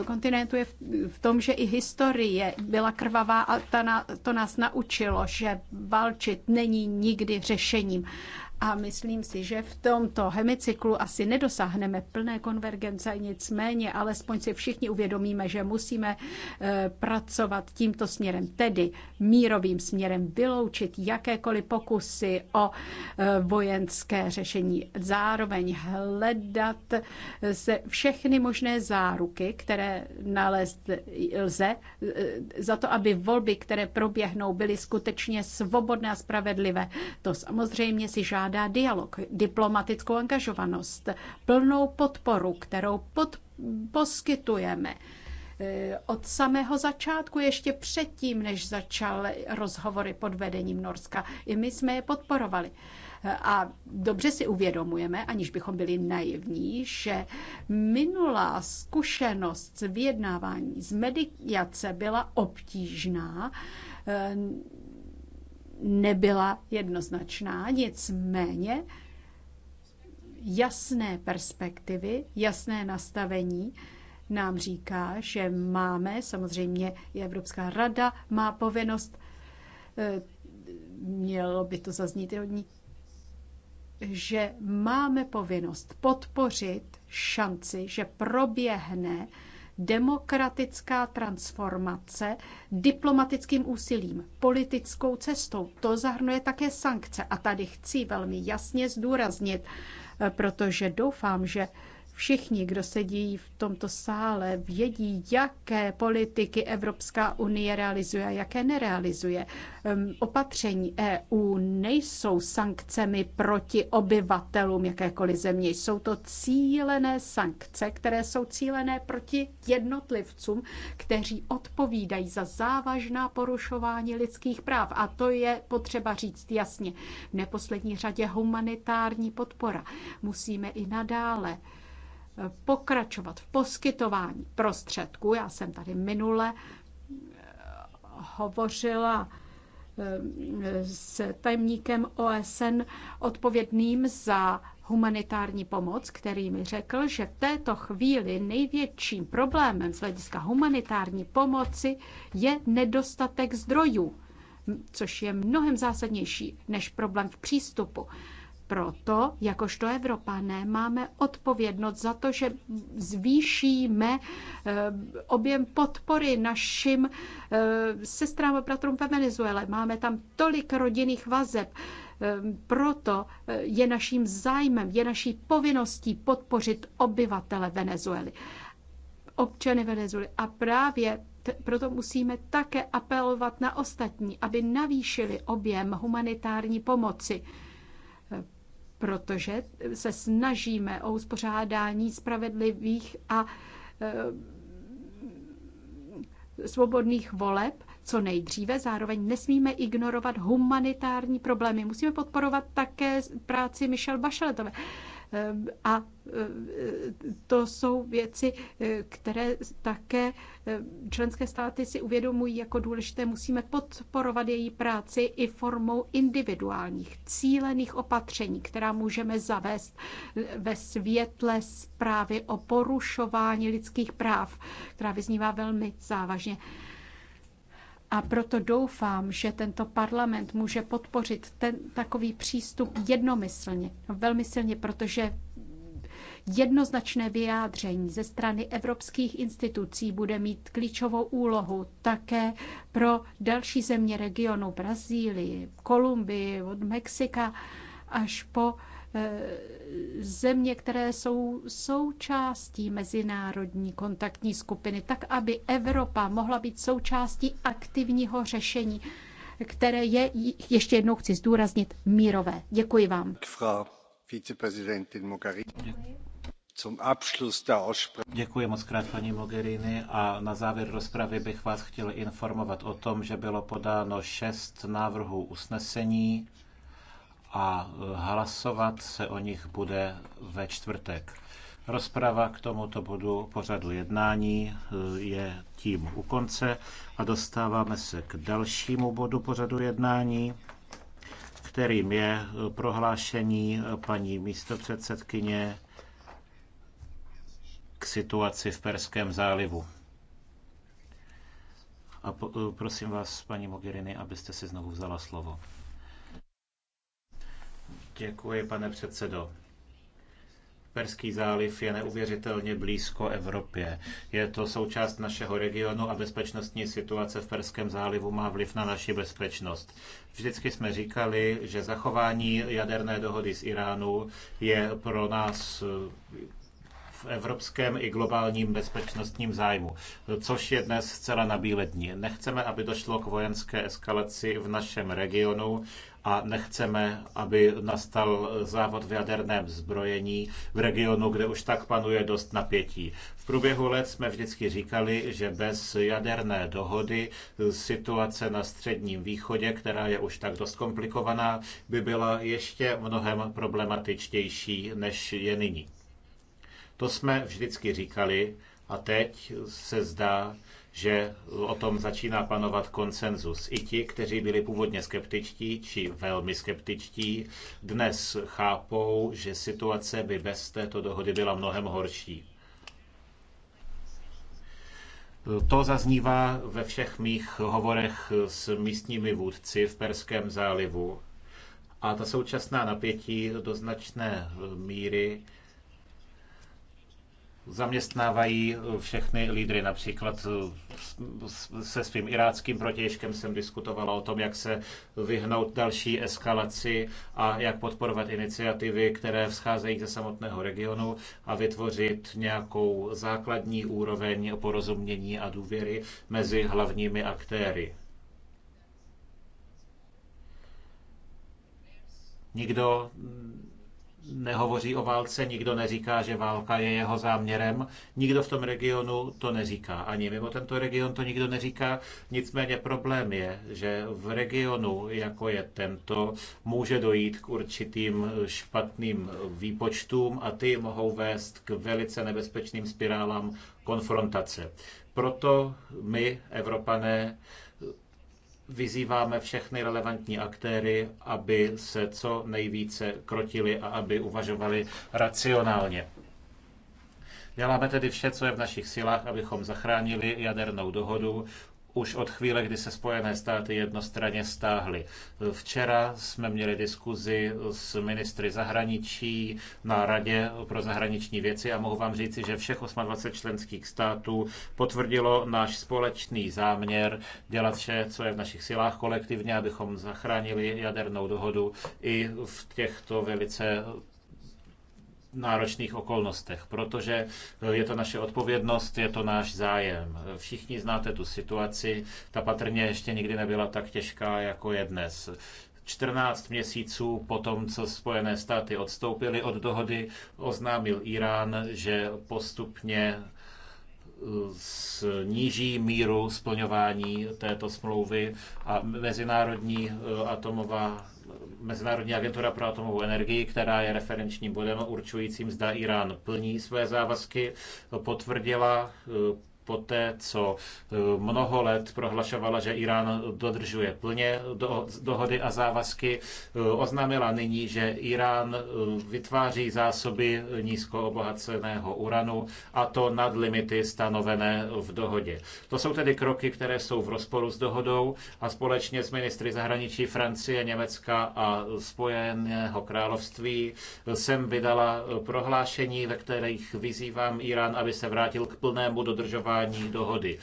eh, kontinentu je v tom, že i historie byla krvavá a ta na, to nás naučila naučilo, že válčit není nikdy řešením. A myslím si, že v tomto hemicyklu asi nedosáhneme plné konvergence, nicméně alespoň si všichni uvědomíme, že musíme eh, pracovat tímto směrem, tedy mírovým směrem, vyloučit jakékoliv pokusy o eh, vojenské řešení. Zároveň hledat eh, se všechny možné záruky, které nalézt lze, za to, aby volby, které proběhnou, byly skutečně svobodné a spravedlivé. To samozřejmě si žádá žádá dialog, diplomatickou angažovanost, plnou podporu, kterou pod, poskytujeme e, od samého začátku, ještě předtím, než začal rozhovory pod vedením Norska. I my jsme je podporovali. E, a dobře si uvědomujeme, aniž bychom byli naivní, že minulá zkušenost z vyjednávání, z mediace byla obtížná e, nebyla jednoznačná, nicméně jasné perspektivy, jasné nastavení nám říká, že máme, samozřejmě i Evropská rada má povinnost, eh, mělo by to zaznít i od ní, že máme povinnost podpořit šanci, že proběhne demokratická transformace diplomatickým úsilím, politickou cestou. To zahrnuje také sankce. A tady chci velmi jasně zdůraznit, eh, protože doufám, že Všichni, kdo sedí v tomto sále, vědí, jaké politiky Evropská unie realizuje a jaké nerealizuje. Ehm, opatření EU nejsou sankcemi proti obyvatelům jakékoliv země. Jsou to cílené sankce, které jsou cílené proti jednotlivcům, kteří odpovídají za závažná porušování lidských práv. A to je potřeba říct jasně. V neposlední řadě humanitární podpora. Musíme i nadále pokračovat v poskytování prostředků. Já jsem tady minule eh, hovořila eh, s tajemníkem OSN odpovědným za humanitární pomoc, který mi řekl, že v této chvíli největším problémem z hlediska humanitární pomoci je nedostatek zdrojů, což je mnohem zásadnější než problém v přístupu proto, jakožto Evropané, máme odpovědnost za to, že zvýšíme eh, objem podpory našim eh, sestrám a bratrům ve Venezuele. Máme tam tolik rodinných vazeb. Ehm, proto eh, je naším zájmem, je naší povinností podpořit obyvatele Venezuely, občany Venezuely. A právě proto musíme také apelovat na ostatní, aby navýšili objem humanitární pomoci protože se snažíme o uspořádání spravedlivých a eh, svobodných voleb co nejdříve. Zároveň nesmíme ignorovat humanitární problémy. Musíme podporovat také práci Michelle Bacheletové. A e, to jsou věci, e, které také e, členské státy si uvědomují jako důležité. Musíme podporovat její práci i formou individuálních cílených opatření, která můžeme zavést ve světle zprávy o porušování lidských práv, která vyznívá velmi závažně. A proto doufám, že tento parlament může podpořit ten takový přístup jednomyslně, no, velmi silně, protože jednoznačné vyjádření ze strany evropských institucí bude mít klíčovou úlohu také pro další země regionu Brazílii, Kolumbii, od Mexika až po Eh, země, které jsou součástí mezinárodní kontaktní skupiny, tak aby Evropa mohla být součástí aktivního řešení, které je, ještě jednou chci zdůraznit, mírové. Děkuji vám. Děkuji. moc krát, paní Mogherini, a na závěr rozpravy bych vás chtěl informovat o tom, že bylo podáno šest návrhů usnesení a hlasovat se o nich bude ve čtvrtek. Rozprava k tomuto bodu pořadu jednání eh, je tím u konce a dostáváme se k dalšímu bodu pořadu jednání, kterým je eh, prohlášení eh, paní místopředsedkyně k situaci v Perském zálivu. A po, prosím vás, paní Mogherini, abyste si znovu vzala slovo. Děkuji, pane předsedo. Perský záliv je neuvěřitelně blízko Evropě. Je to součást našeho regionu a bezpečnostní situace v Perském zálivu má vliv na naši bezpečnost. Vždycky jsme říkali, že zachování jaderné dohody z Iránu je pro nás eh, v evropském i globálním bezpečnostním zájmu, což je dnes zcela nabílední. Nechceme, aby došlo k vojenské eskalaci v našem regionu a nechceme, aby nastal závod v jaderném zbrojení v regionu, kde už tak panuje dost napětí. V průběhu let jsme vždycky říkali, že bez jaderné dohody situace na Středním východě, která je už tak dost komplikovaná, by byla ještě mnohem problematičtější, než je nyní. To jsme vždycky říkali a teď se zdá, že o tom začíná panovat konsenzus. I ti, kteří byli původně skeptičtí či velmi skeptičtí, dnes chápou, že situace by bez této dohody byla mnohem horší. To zaznívá ve všech mých hovorech s místními vůdci v Perském zálivu. A ta současná napětí do značné míry zaměstnávají eh, všechny lídry. Například eh, se svým iráckým protějškem jsem diskutovala o tom, jak se vyhnout další eskalaci a jak podporovat iniciativy, které vzcházejí ze samotného regionu a vytvořit nějakou základní úroveň porozumění a důvěry mezi hlavními aktéry. Nikdo nehovoří o válce, nikdo neříká, že válka je jeho záměrem, nikdo v tom regionu to neříká, ani mimo tento region to nikdo neříká, nicméně problém je, že v regionu, jako je tento, může dojít k určitým špatným výpočtům a ty mohou vést k velice nebezpečným spirálám konfrontace. Proto my, Evropané, vyzýváme všechny relevantní aktéry, aby se co nejvíce krotili a aby uvažovali racionálně. Děláme tedy vše, co je v našich silách, abychom zachránili jadernou dohodu, už od chvíle, kdy se Spojené státy jednostranně stáhly. Včera jsme měli diskuzi s ministry zahraničí na Radě pro zahraniční věci a mohu vám říci, že všech 28 členských států potvrdilo náš společný záměr dělat vše, co je v našich silách kolektivně, abychom zachránili jadernou dohodu i v těchto velice náročných okolnostech, protože je to naše odpovědnost, je to náš zájem. Všichni znáte tu situaci, ta patrně ještě nikdy nebyla tak těžká, jako je dnes. 14 měsíců po tom, co Spojené státy odstoupily od dohody, oznámil Irán, že postupně eh, sníží míru splňování této smlouvy a Mezinárodní eh, atomová Mezinárodní agentura pro atomovou energii, která je referenčním bodem určujícím, zda Irán plní své závazky, potvrdila eh, poté, co eh, mnoho let prohlašovala, že Irán dodržuje plně do, dohody a závazky, eh, oznámila nyní, že Irán eh, vytváří zásoby nízkoobohaceného uranu a to nad limity stanovené v dohodě. To jsou tedy kroky, které jsou v rozporu s dohodou a společně s ministry zahraničí Francie, Německa a Spojeného království jsem vydala prohlášení, ve kterých vyzývám Irán, aby se vrátil k plnému dodržování dodržování dohody.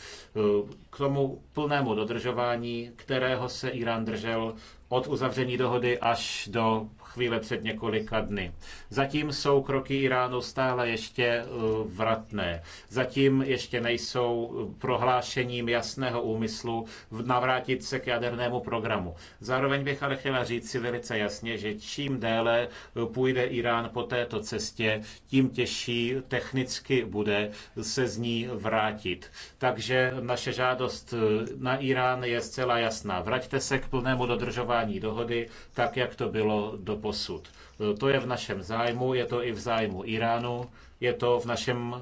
K tomu plnému dodržování, kterého se Irán držel od uzavření dohody až do chvíle před několika dny. Zatím jsou kroky Iránu stále ještě eh, vratné. Zatím ještě nejsou eh, prohlášením jasného úmyslu navrátit se k jadernému programu. Zároveň bych ale chtěla říct si velice jasně, že čím déle eh, půjde Irán po této cestě, tím těžší technicky bude se z ní vrátit. Takže naše žádost na Irán je zcela jasná. Vraťte se k plnému dodržování dohody, tak jak to bylo do doposud. No, to je v našem zájmu, je to i v zájmu Iránu, je to v našem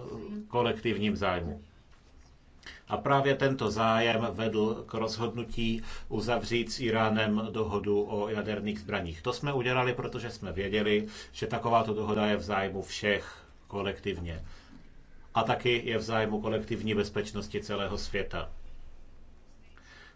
kolektivním zájmu. A právě tento zájem vedl k rozhodnutí uzavřít s Iránem dohodu o jaderných zbraních. To jsme udělali, protože jsme věděli, že takováto dohoda je v zájmu všech kolektivně. A taky je v zájmu kolektivní bezpečnosti celého světa.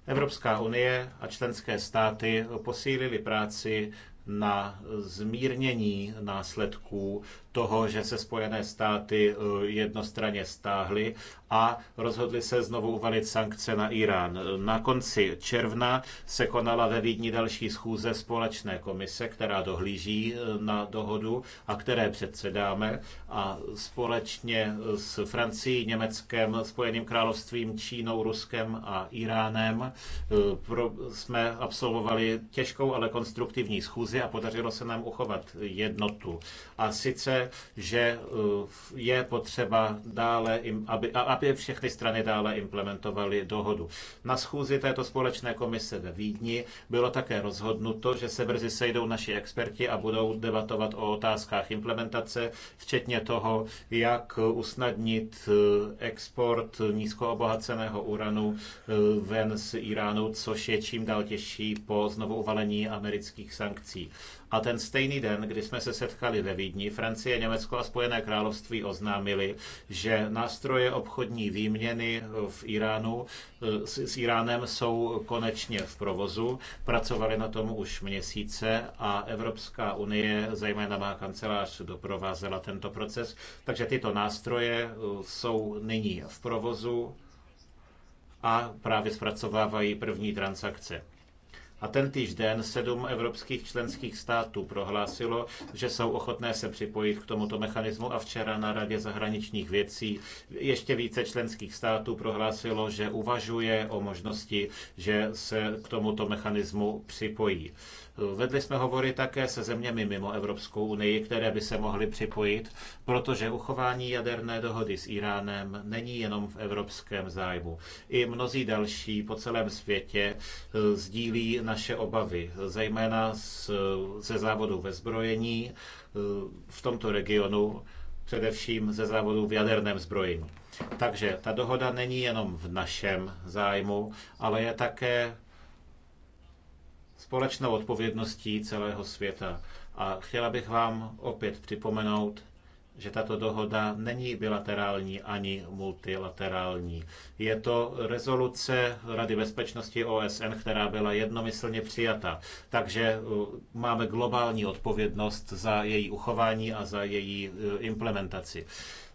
Evropská unie a členské státy posílili práci na zmírnění následků toho, že se Spojené státy eh, jednostranně stáhly a rozhodli se znovu uvalit sankce na Irán. Na konci června se konala ve Vídni další schůze společné komise, která dohlíží eh, na dohodu a které předsedáme a společně eh, s Francií, Německem, Spojeným královstvím, Čínou, Ruskem a Iránem jsme absolvovali těžkou, ale konstruktivní schůzi krizi a podařilo se nám uchovat jednotu. A sice, že eh, je potřeba dále, aby, aby všechny strany dále implementovaly dohodu. Na schůzi této společné komise ve Vídni bylo také rozhodnuto, že se brzy sejdou naši experti a budou debatovat o otázkách implementace, včetně toho, jak usnadnit eh, export nízkoobohaceného uranu eh, ven z Iránu, což je čím dál těžší po znovu uvalení amerických sankcí. A ten stejný den, kdy jsme se setkali ve Vídni, Francie, Německo a Spojené království oznámili, že nástroje obchodní výměny v Iránu s, eh, s Iránem jsou konečně v provozu. Pracovali na tom už měsíce a Evropská unie, zejména má kancelář, doprovázela tento proces. Takže tyto nástroje eh, jsou nyní v provozu a právě zpracovávají první transakce. A ten den sedm evropských členských států prohlásilo, že jsou ochotné se připojit k tomuto mechanismu a včera na Radě zahraničních věcí ještě více členských států prohlásilo, že uvažuje o možnosti, že se k tomuto mechanismu připojí. Vedli jsme hovory také se zeměmi mimo Evropskou unii, které by se mohly připojit, protože uchování jaderné dohody s Iránem není jenom v evropském zájmu. I mnozí další po celém světě eh, sdílí naše obavy, zejména ze závodu ve zbrojení eh, v tomto regionu, především ze závodu v jaderném zbrojení. Takže ta dohoda není jenom v našem zájmu, ale je také společnou odpovědností celého světa. A chtěla bych vám opět připomenout, že tato dohoda není bilaterální ani multilaterální. Je to rezoluce Rady bezpečnosti OSN, která byla jednomyslně přijata. Takže uh, máme globální odpovědnost za její uchování a za její uh, implementaci.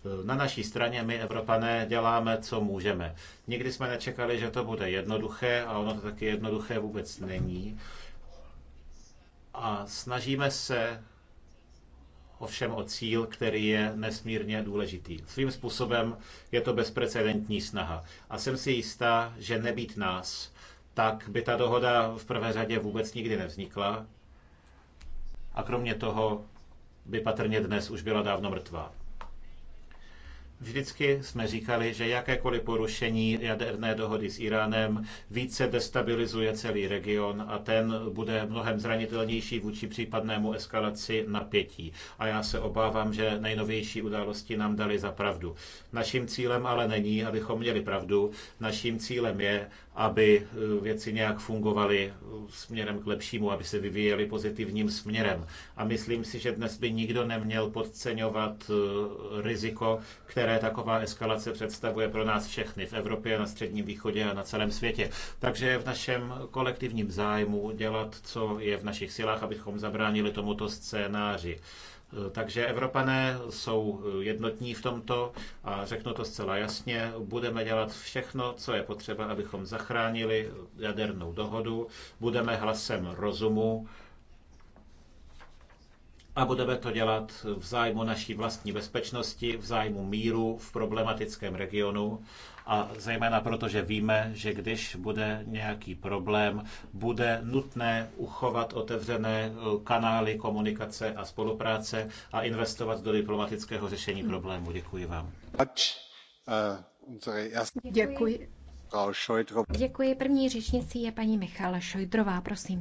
Eh, na naší straně my, Evropané, děláme, co můžeme. Nikdy jsme nečekali, že to bude jednoduché a ono to taky jednoduché vůbec není. A snažíme se ovšem o cíl, který je nesmírně důležitý. Svým způsobem je to bezprecedentní snaha. A jsem si jistá, že nebýt nás, tak by ta dohoda v prvé řadě vůbec nikdy nevznikla. A kromě toho by patrně dnes už byla dávno mrtvá. Vždycky jsme říkali, že jakékoliv porušení jaderné dohody s Iránem více destabilizuje celý region a ten bude mnohem zranitelnější vůči případnému eskalaci napětí. A já se obávám, že nejnovější události nám dali za pravdu. Naším cílem ale není, abychom měli pravdu. Naším cílem je, aby eh, věci nějak fungovaly eh, směrem k lepšímu, aby se vyvíjely pozitivním směrem. A myslím si, že dnes by nikdo neměl podceňovat eh, riziko, které které taková eskalace představuje pro nás všechny v Evropě, na Středním východě a na celém světě. Takže je v našem kolektivním zájmu dělat, co je v našich silách, abychom zabránili tomuto scénáři. Takže Evropané jsou jednotní v tomto a řeknu to zcela jasně, budeme dělat všechno, co je potřeba, abychom zachránili jadernou dohodu, budeme hlasem rozumu, a budeme to dělat v zájmu naší vlastní bezpečnosti, v zájmu míru v problematickém regionu a zejména proto, že víme, že když bude nějaký problém, bude nutné uchovat otevřené eh, kanály komunikace a spolupráce a investovat do diplomatického řešení problému. Děkuji vám. Děkuji. Děkuji. První řečnicí je paní Michala Šojdrová, prosím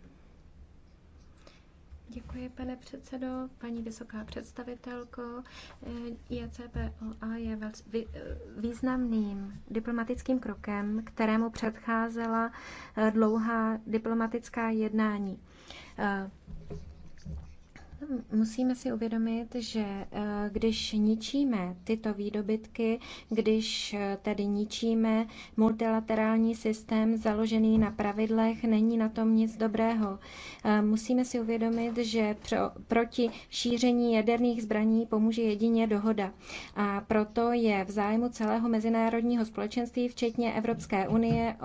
Děkuji, pane předsedo. Paní vysoká představitelko, eh, ICPOA je eh, významným diplomatickým krokem, kterému předcházela eh, dlouhá diplomatická jednání. Musíme si uvědomit, že eh, když ničíme tyto výdobytky, když eh, tedy ničíme multilaterální systém založený na pravidlech, není na tom nic dobrého. Eh, musíme si uvědomit, že pro proti šíření jaderných zbraní pomůže jedině dohoda. A proto je v zájmu celého mezinárodního společenství, včetně Evropské unie,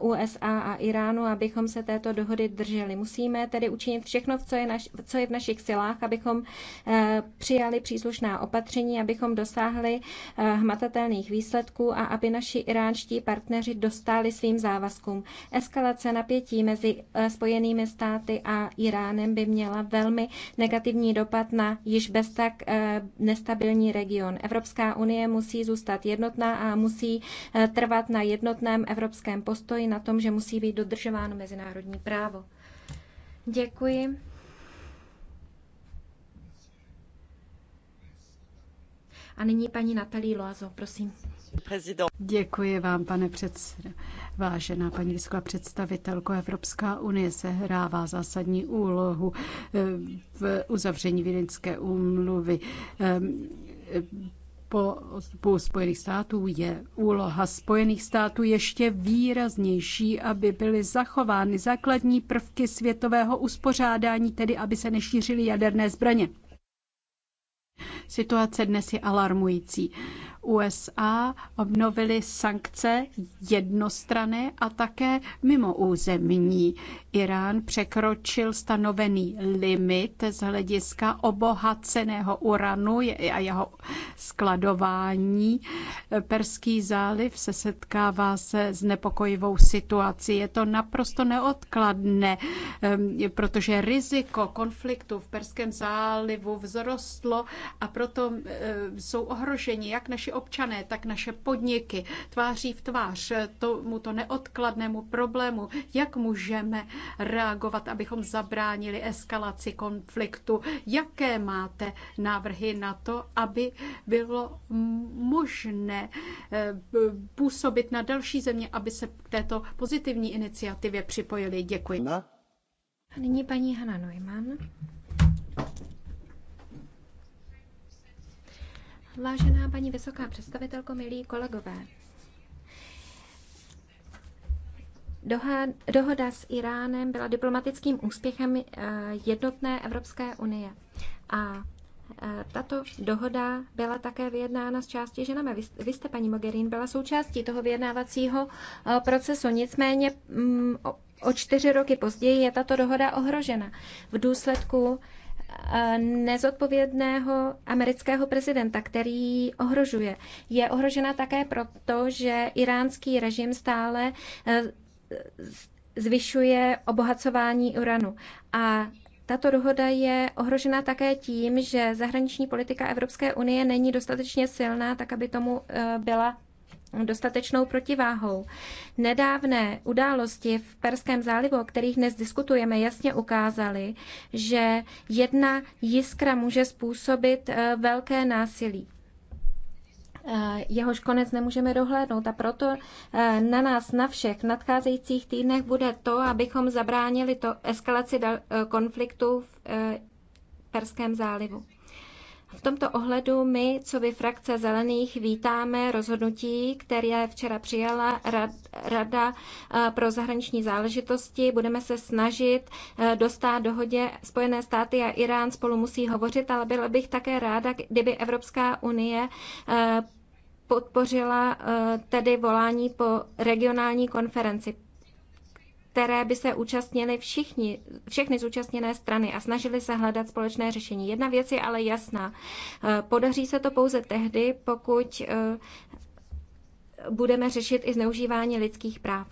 USA a Iránu, abychom se této dohody drželi. Musíme tedy učinit všechno, co je, naš, co je v našich silách silách, abychom eh, přijali příslušná opatření, abychom dosáhli eh, hmatatelných výsledků a aby naši iránští partneři dostáli svým závazkům. Eskalace napětí mezi eh, Spojenými státy a Iránem by měla velmi negativní dopad na již bez tak nestabilní region. Evropská unie musí zůstat jednotná a musí trvat na jednotném evropském postoji, na tom, že musí být dodržováno mezinárodní právo. Děkuji. A nyní paní Natalí Loazo, prosím. Děkuji vám, pane předseda. Vážená paní vysoká představitelko, Evropská unie sehrává zásadní úlohu eh, v uzavření Vídeňské úmluvy eh, po odstupu Spojených států je úloha Spojených států ještě výraznější, aby byly zachovány základní prvky světového uspořádání, tedy aby se nešířily jaderné zbraně. Situace dnes je alarmující. USA obnovily sankce jednostrané a také mimo územní. Irán překročil stanovený limit z hlediska obohaceného uranu a jeho skladování. Perský záliv se setkává se s nepokojivou situací. Je to naprosto neodkladné, ehm, protože riziko konfliktu v Perském zálivu vzrostlo a proto ehm, jsou ohroženi jak naši občané, tak naše podniky tváří v tvář tomuto neodkladnému problému, jak můžeme reagovat, abychom zabránili eskalaci konfliktu, jaké máte návrhy na to, aby bylo možné eh, působit na další země, aby se k této pozitivní iniciativě připojili. Děkuji. Nyní paní Hanna Neumann. Vážená paní vysoká představitelko, milí kolegové, Dohoda s Iránem byla diplomatickým úspěchem eh, jednotné Evropské unie. A eh, tato dohoda byla také vyjednána s části ženami. Vy jste, paní Mogherin, byla součástí toho vyjednávacího eh, procesu. Nicméně mm, o čtyři roky později je tato dohoda ohrožena v důsledku nezodpovědného amerického prezidenta, který ji ohrožuje. Je ohrožena také proto, že iránský režim stále e, zvyšuje obohacování uranu. A tato dohoda je ohrožena také tím, že zahraniční politika Evropské unie není dostatečně silná, tak aby tomu e, byla dostatečnou protiváhou. Nedávné události v Perském zálivu, o kterých dnes diskutujeme, jasně ukázaly, že jedna jiskra může způsobit eh, velké násilí eh, jehož konec nemůžeme dohlédnout a proto eh, na nás, na všech nadcházejících týdnech bude to, abychom zabránili to eskalaci konfliktu v Perském zálivu. V tomto ohledu my, co by frakce zelených, vítáme rozhodnutí, které včera přijala Rada eh, pro zahraniční záležitosti. Budeme se snažit eh, dostat dohodě. Spojené státy a Irán spolu musí hovořit, ale byla bych také ráda, kdyby Evropská unie eh, podpořila tedy volání po regionální konferenci které by se účastnili všichni, všechny zúčastněné strany a snažili se hledat společné řešení. Jedna věc je ale jasná. Eh, podaří se to pouze tehdy, pokud eh, budeme řešit i zneužívání lidských práv.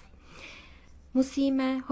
Musíme